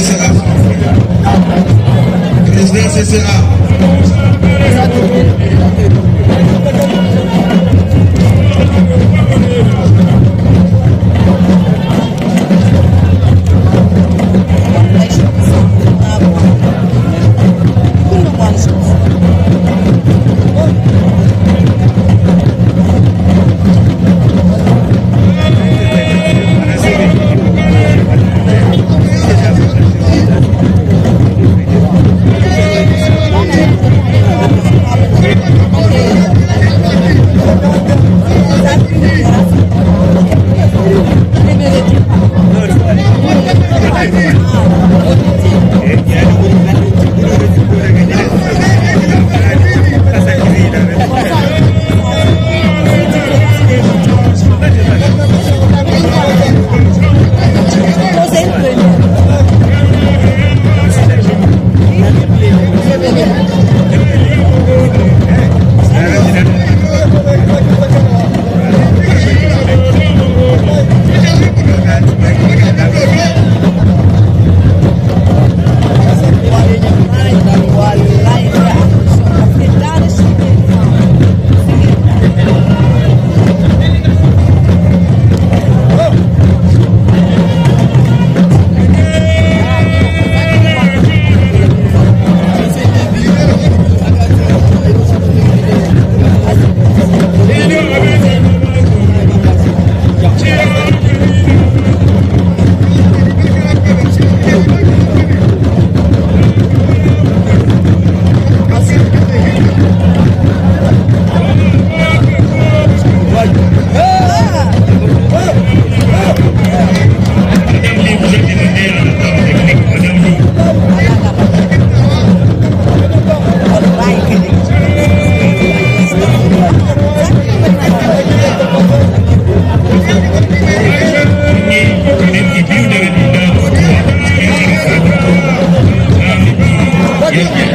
será. Presidência será. Yeah.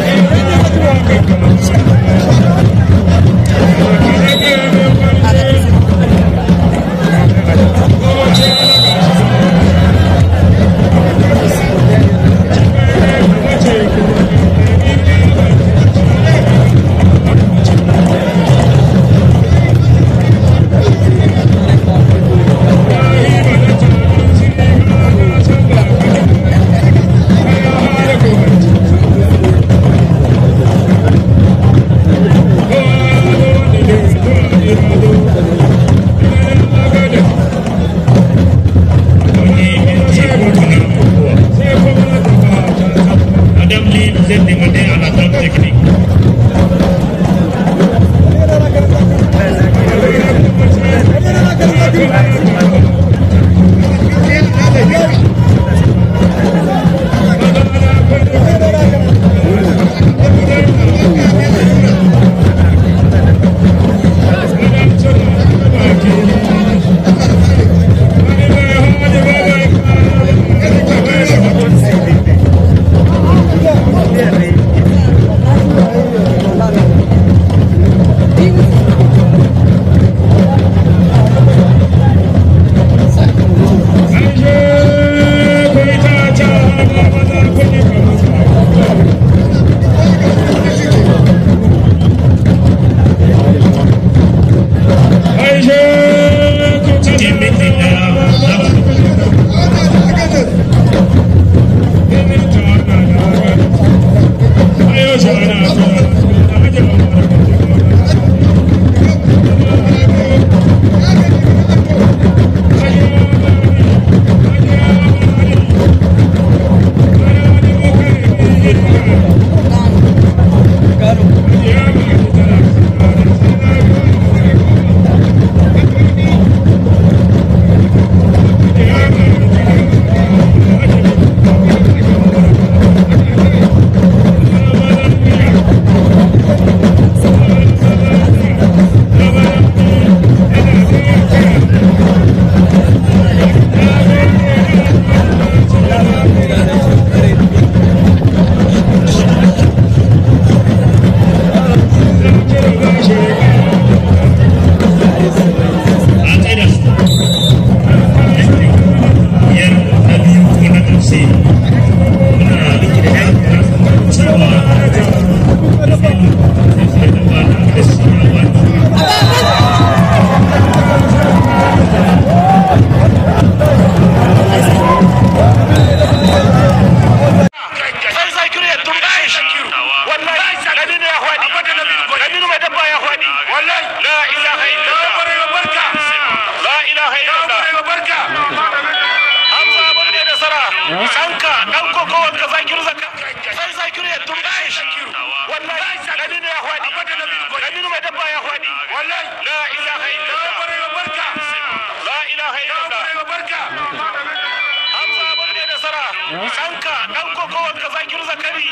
wanda zakir zakari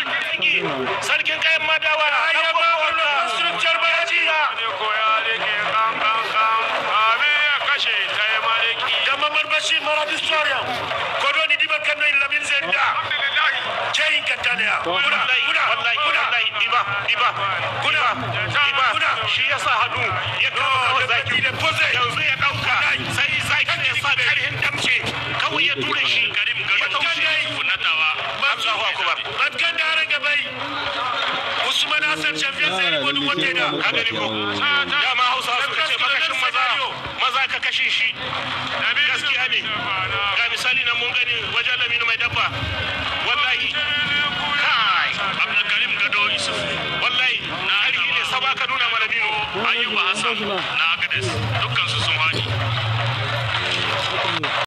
sarkin kayan madawa ya ba wanda structure ba ji ya kashe shi ya sa hannu ya kawo kawo zakir dauka sai zakir ya sa karhin damce kawai ya tura shi Ah, shi ma na champion sai ko duk wanda da haka ne ko dama Hausa suka ce makashin maza maza ka kashe shi gaskiya ne ga misali nan mun gani wajen Laminu mai dabba wallahi kai Abdulkarim Gado Yusuf wallahi na arihi ne sabaka nuna mana Laminu ayyuba Hassan